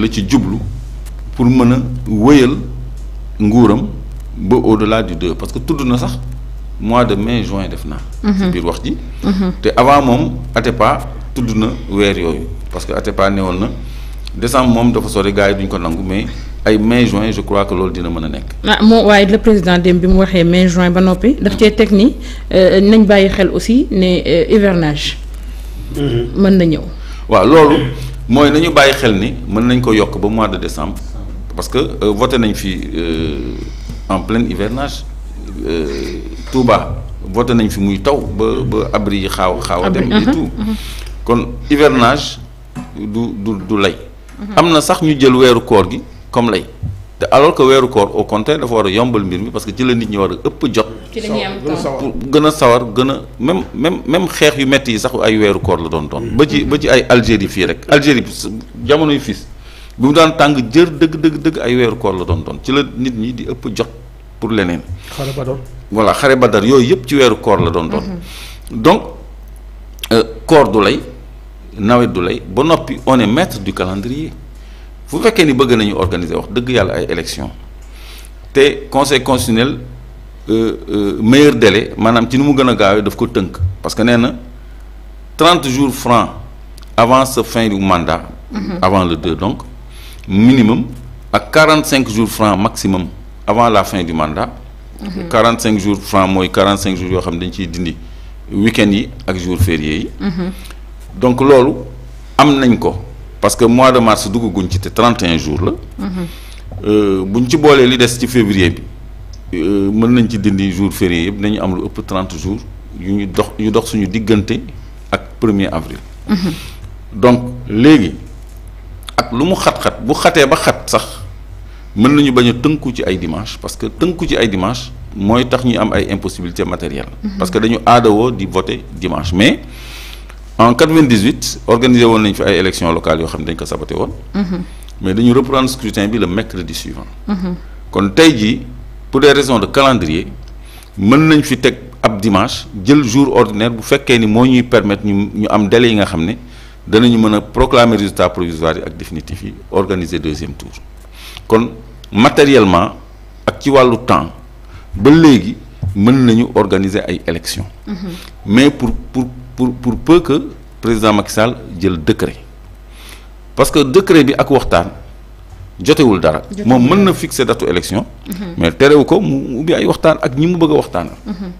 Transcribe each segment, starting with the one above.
la ci jublu pour mën a wéyal nguuram ba de delà du deux parce que tudd na sax mois de mais juin def naa. Mhm. ci biir wax ji. Mhm. te avant moom Atepa tudd na weer yooyu parce que Atepa newoon na décembre moom dafa sori gars yi duñ ko nangu mais ay mais juin je crois que loolu dina mën a nekk. ah moom waaye le président dem bi mu waxee mais juin ba noppi daf cee teg euh, nañ bàyyi xel aussi ne euh, hivernage. Mhm. mën na ñëw. waaw loolu mooy nañu bàyyi xel ni mën nañ ko yokk ba mois de décembre parce que euh, voté nañ fi euh, en plein hivernage euh, Touba voté nañ fi muy taw ba ba abri yi xaaw xaaw dem et tout uh-huh, uh-huh. kon hivernage du du du lay uh-huh. am na sax ñu jël weeru koor gi comme lay te alors que weeru koor au contraire dafa war a yombal mbir mi parce que ci la nit ñi war a ëpp jot ci la gën a sawar gën a même même même xeex yu métti yi sax ay weeru koor la doon doon. Mm. ba ci ba ci ay Algérie fii rek Algérie jamono yu fii bi mu daan tàng jër dëgg dëgg dëgg ay weeru koor la doon doon ci la nit ñi di ëpp jot pour leneen. xare Badar voilà xare Badar yooyu yëpp ci weeru koor la doon doon. Mm-hmm. donc euh, koor du lay nawet du lay ba noppi on est maître du calendrier bu fekkee ni bëgg nañu organiser wax dëgg yàlla ay élections te conseil constitutionnel. Euh, euh, meilleur délai maanaam ci ni mu gën a gaawee daf ko tënk parce que nee na trente jours francs avant sa fin du mandat. Mhm. avant le deux donc minimum ak quarante cinq jours francs maximum avant la fin du mandat. Mhm. quarante cinq jours francs mooy quarante cinq jour yoo xam dañ dindi week yi ak jours fériés mhm. donc loolu am nañ ko parce que mois de mars duggaguñ ci te trente et un jours la. Euh, buñ ci boolee li des ci février bi. Euh, mën nañ ci dindi jour férié yëpp nañu am lu ëpp trente jours yu ñu dox yu dox suñu diggante ak premier avril mhm. donc léegi ak lu mu xat-xat bu xatee ba xat sax mën nañu bañ tënku ci ay dimanche parce que tënku ci ay dimanche mooy tax ñu am ay impossibilité matérielle mhm. parce que dañu aadawoo di voter dimanche mais en 98 organisé woon nañu fi ay élections locale yoo xam ne dañ ko saboté woon mhm. mais dañu reprendre scrutin bi le mercredi suivant kon tey jii pour des raisons de calendrier mën nañ fi teg ab dimanche jël jour ordinaire bu fekkee ni moo ñuy permettre ñu ñu am délai yi nga xam ne danañu mën a proclamer résultat provisoire ak définitif yi organiser deuxième tour kon matériellement ak ci wàllu temps ba léegi mën nañu organiser ay élections. Mmh. mais pour pour pour pour peu que président Macky Sall jël décret parce que décret bi ak waxtaan. jotewul dara moom mën na fixe datu élection mais terewu ko mu ubbi ay waxtaan ak ñi mu bëgg a waxtaanal mhm.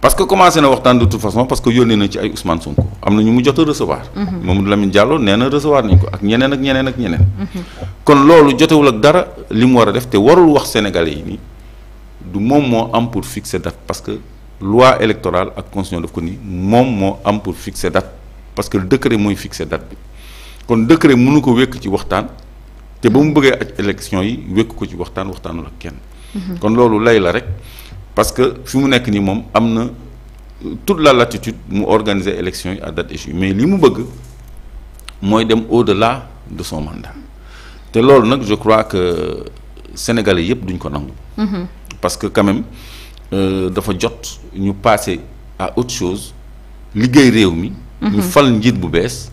parce que commencé na waxtaan de toute façon parce que yónnee na ci ay Ousmane Sonko am na ñu mu jot a recevoir mhm. Mamadou Lamine Diallo nee na recevoir nañ ko ak ñeneen ak ñeneen ak ñeneen mhm. kon loolu jotewul ak dara li mu war a def te warul wax sénégalais yi nii du moom moo am pour fixer date parce que loi électorale ak constitution daf ko ni moom moo am pour fixer parce que décret mooy fixer date kon décret mënu ko wékk ci waxtaan te ba mu bëggee aj élection yi wékk ko ci waxtaan waxtaanul ak kenn. kon loolu lay la rek parce que fi mu nekk nii moom am na euh, toute la latitude mu organiser élection yi à date échue mais li mu bëgg mooy dem au-delà de son mandat te loolu nag je crois que sénégalais yëpp duñ ko nangu. Mm-hmm. parce que quand euh, dafa jot ñu passer à autre chose liggéey réew mi. Mm-hmm. ñu fal njiit bu bees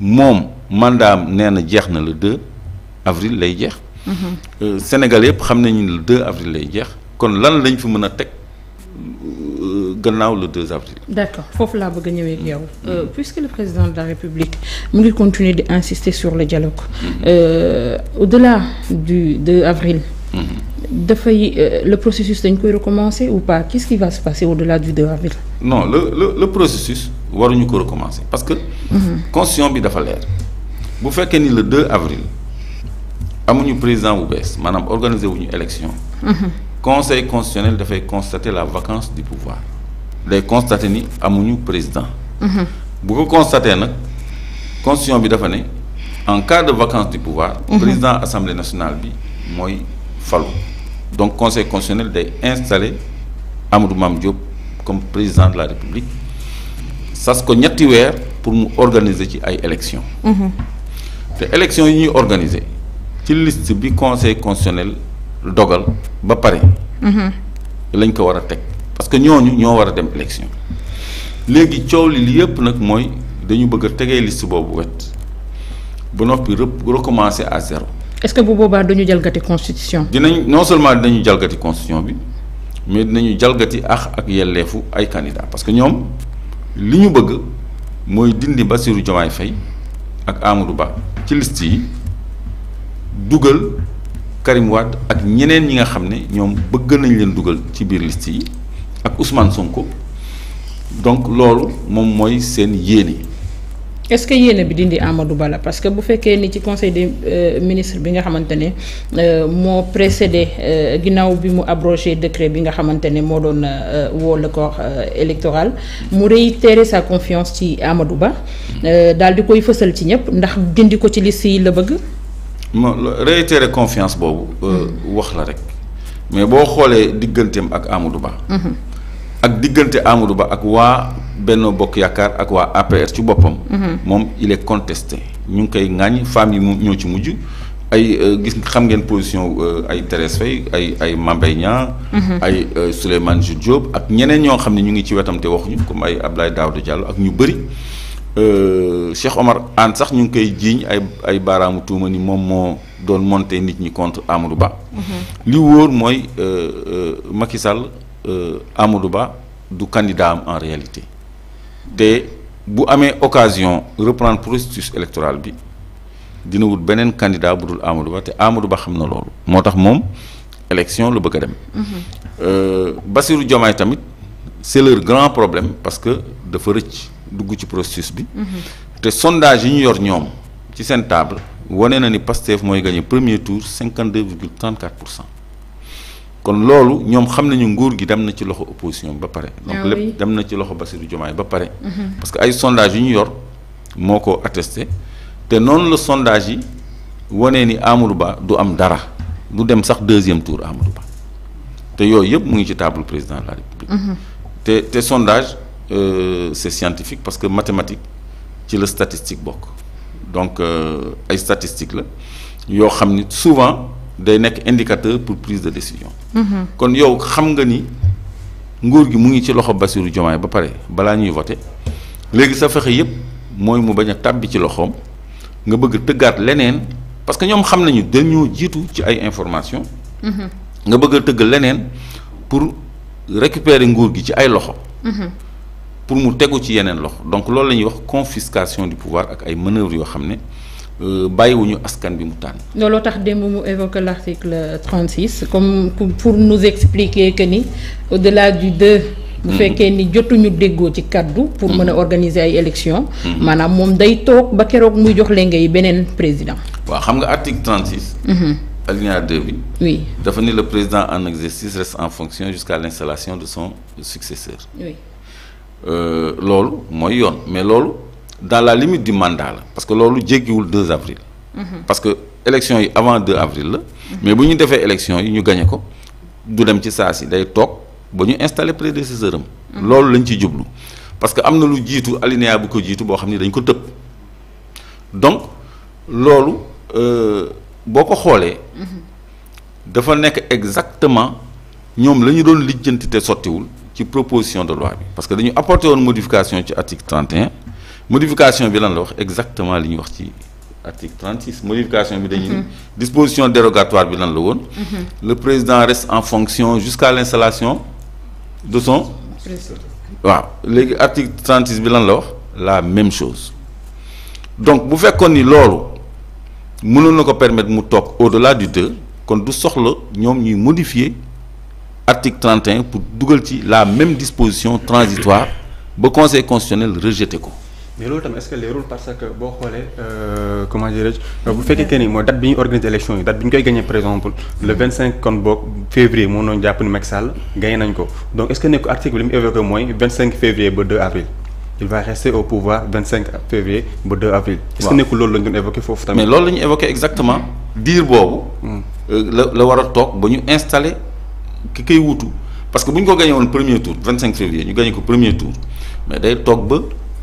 moom mandaam nee na jeex na la deux. avril lay jeex. Mhm. Euh, Sénégal yëpp xam nañu ne le 2 avril lay jeex kon lan lañ fi mën a teg euh, gannaaw le 2 avril. d'accord foofu laa bëgg a ñëwee ak yow. Euh, puisque le président de la République mu ngi continuer di insister sur le dialogue. Mhm. Euh, au-delà du 2 avril. Mhm. dafay le processus dañ koy recommencer ou pas qu'est-ce qui va se passer au-delà du avril. non le le le processus waruñu ko recommencer parce que. Mm -hmm. constitution bi dafa leer bu fekkee ni le 2 avril. amuñu président bu bees maanaam organiser wuñu élection mhm. conseil constitutionnel dafay constater la vacance du pouvoir day constater ni amuñu président mhm. bu ko constater nag constitution bi dafa ne en cas de vacance du pouvoir mhm. président assemblée nationale bi mooy falu donc conseil constitutionnel day installer Amadou Mame Diop comme président de la république sas ko ñetti weer pour mu organiser ci ay élection te élection yi ñuy organiser ci liste bi conseil constitutionnel dogal ba pare. Mm-hmm. lañ ko war a teg parce que ñooñu ñoo war a dem élection léegi coow li li yëpp nag mooy dañu bëgg a tegee liste boobu wet ba noppi recommencer à zéro. est-ce que bu boobaa dañu jalgati constitution. dinañ non seulement dinañu jalgati constitution bi mais dinañu jalgati ax ak yelleefu ay candidats parce que ñoom li ñu bëgg mooy dindi ba Bassirou Diomaye Faye ak Amadou Ba ci list yi. dugal Karim Wade ak ñeneen ñi nga xam ne ñoom bëgg nañ leen dugal ci biir liste yi ak Ousmane Sonko donc loolu moom mooy seen yéene. est-ce que yéene bi dindi amadu Ba la parce que bu fekkee ni ci conseil des euh, ministre bi nga xamante ne euh, moo précédé euh, ginnaaw bi mu abrogé décret bi nga xamante ne moo doon woo le corps électoral mu réitéré sa confiance ci Amadou Ba daal di koy fësal ci ñëpp ndax dindi ko ci liste yi la bëgg. ma réitéré confiance boobu. Euh, mm-hmm. wax la rek mais boo xoolee digganteem ak Amadou Ba. Mm-hmm. ak diggante Amadou Ba ak waa Benno Bokk Yaakaar ak waa APR ci boppam. Mm-hmm. moom il est contesté ñu ngi koy ŋàññ femmes yi ñoo ci mujj. ay euh, gis xam ngeen position euh, ay Thérèse Faye ay ay Mambay Niang ay Souleymane Jules Diop ak ñeneen ñoo xam ne ñu ngi ci wetam te waxuñu comme ay daaw Daouda Diallo ak ñu bëri. Euh, Cheikh Omar Anne sax ñu ngi koy jiiñ ay ay baaraamu tuuma ni moom moo doon monter nit ñi contre Amadou Ba. Mhm. li wóor mooy euh, euh, Macky Sall Amadou Ba du candidat en réalité te bu amee occasion reprendre processus électoral bi dina wut beneen candidat bu dul Amadou Ba te Amadou Ba xam na loolu moo tax moom élection la bëgg a dem. Mhm. Bassirou Diomaye tamit c'est leur grand problème parce que dafa rëcc. dugg ci processus bi. Mhm. te sondage yi ñu yor ñoom ci seen table wane na ni Pastef mooy gagné premier tour cinquante deux virgule trente quatre pour cent kon loolu ñoom xam nañu nguur gi dem na ci loxo opposition ba pare. Ah donc lépp dem na ci loxo Bassirou Diomaye ba pare. Mhm. parce que ay sondage yu ñu yor moo ko attesté te noonu la sondage yi wane ni Amadou Ba du am dara du dem sax deuxième tour Amadou Ba te yooyu yëpp mu ngi ci table président de la République. Mhm. te te sondage. euh, c'est scientifique parce que mathématique ci la statistique bokk donc euh, ay statistique la yoo xam ni souvent day nekk indicateur pour prise de décision mhm. kon yow xam nga ni nguur gi mu ngi ci loxo Bassirou Diomaye ba pare balaa ñuy voté léegi sa fexe yépp mooy mu bañ a tàbbi ci loxoom nga bëgg tëggaat leneen parce que ñoom xam nañu dañoo jiitu ci ay information mhm. nga bëgg a tëgg leneen pour récupérer nguur gi ci ay loxo mhm. pour mu tegu ci yeneen lox donc loolu la ñuy wax confiscation du pouvoir ak ay manœuvres yoo xam ne euh, bàyyiwuñu askan bi mu tànn. looloo tax démb mu évoqué l'article 36 comme pour nous expliquer que ni au-delà du 2. bu mm-hmm. fekkee ni jotuñu déggoo ci kaddu. pour mën a mm-hmm. organiser ay élections. Mm-hmm. maanaam moom day toog ba keroog muy jox leen ngay beneen président. waaw xam nga article 36. alinéa 2 bi. oui dafa ne le président en exercice reste en fonction jusqu'à l'installation de son Euh, loolu mooy yoon mais loolu dans la limite du mandat la parce que loolu jéggiwul 2 avril. Mhm. parce que élection yi avant 2 avril la. Mhm. mais bu ñu defee élection yi ñu gañe ko du dem ci saa si day toog ba ñu installer prédécesseur am. Mhm. loolu lañ ci jublu parce que am na lu jiitu alinéa bu ko jiitu boo xam ni dañ ko tëb donc loolu euh, boo ko xoolee. dafa nekk exactement ñoom la ñu doon lijjanti te sottiwul. ci proposition de loi bi parce que dañu apporté woon modification ci article 31 modification bi lan la wax exactement li ñu wax ci article 36 modification bi dañuy mhm. disposition dérogatoire bi lan la woon mhm. le président reste en fonction jusqu'à l'installation de son waaw léegi article bi lan la wax la même chose donc bu fekkoon ni loolu mënoon na ko permettre mu toog au-delà du deux kon du soxla ñoom ñuy modifier article 31 pour dugal ci la même disposition transitoire ba conseil constitutionnel rejeté ko. mais loolu tamit est parce que boo xoolee euh, euh, bu fekkee que ni mooy date bi ñu organiser élection yi date bi ñu koy gagné par exemple le 25 kon boog février moo doon jàpp ni Macky Sall gagné nañ ko donc est-ce que bi li mu évoqué mooy 25 février ba avril il va rester au pouvoir 25 février ba avril. est-ce loolu ki koy wuutu parce que bu ñu ko gagné woon premier tour 25 février ñu gagné ko premier tour mais day toog ba.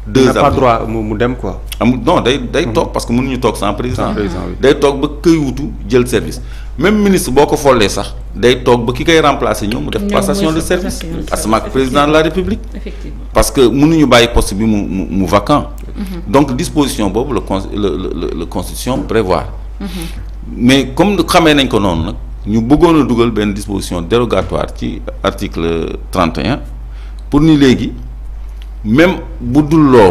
deux ans pas mu dem quoi. amul non day day mmh. toog parce que mënuñu toog sans président. day toog ba këy wutu jël service. même ministre boo ko follee sax day toog ba ki koy remplacer ñoom mu def. passation de service parce que maag président de la république. effectivement parce que mënuñu bàyyi poste bi mu mu mu vacant. Mmh. disposition boobu la con le le le constitution prévoir. Mmh. mais comme xamee nañ ko noonu nag. ñu bëggoon a dugal benn disposition dérogatoire ci article 31 pour ni léegi même bu dul loolu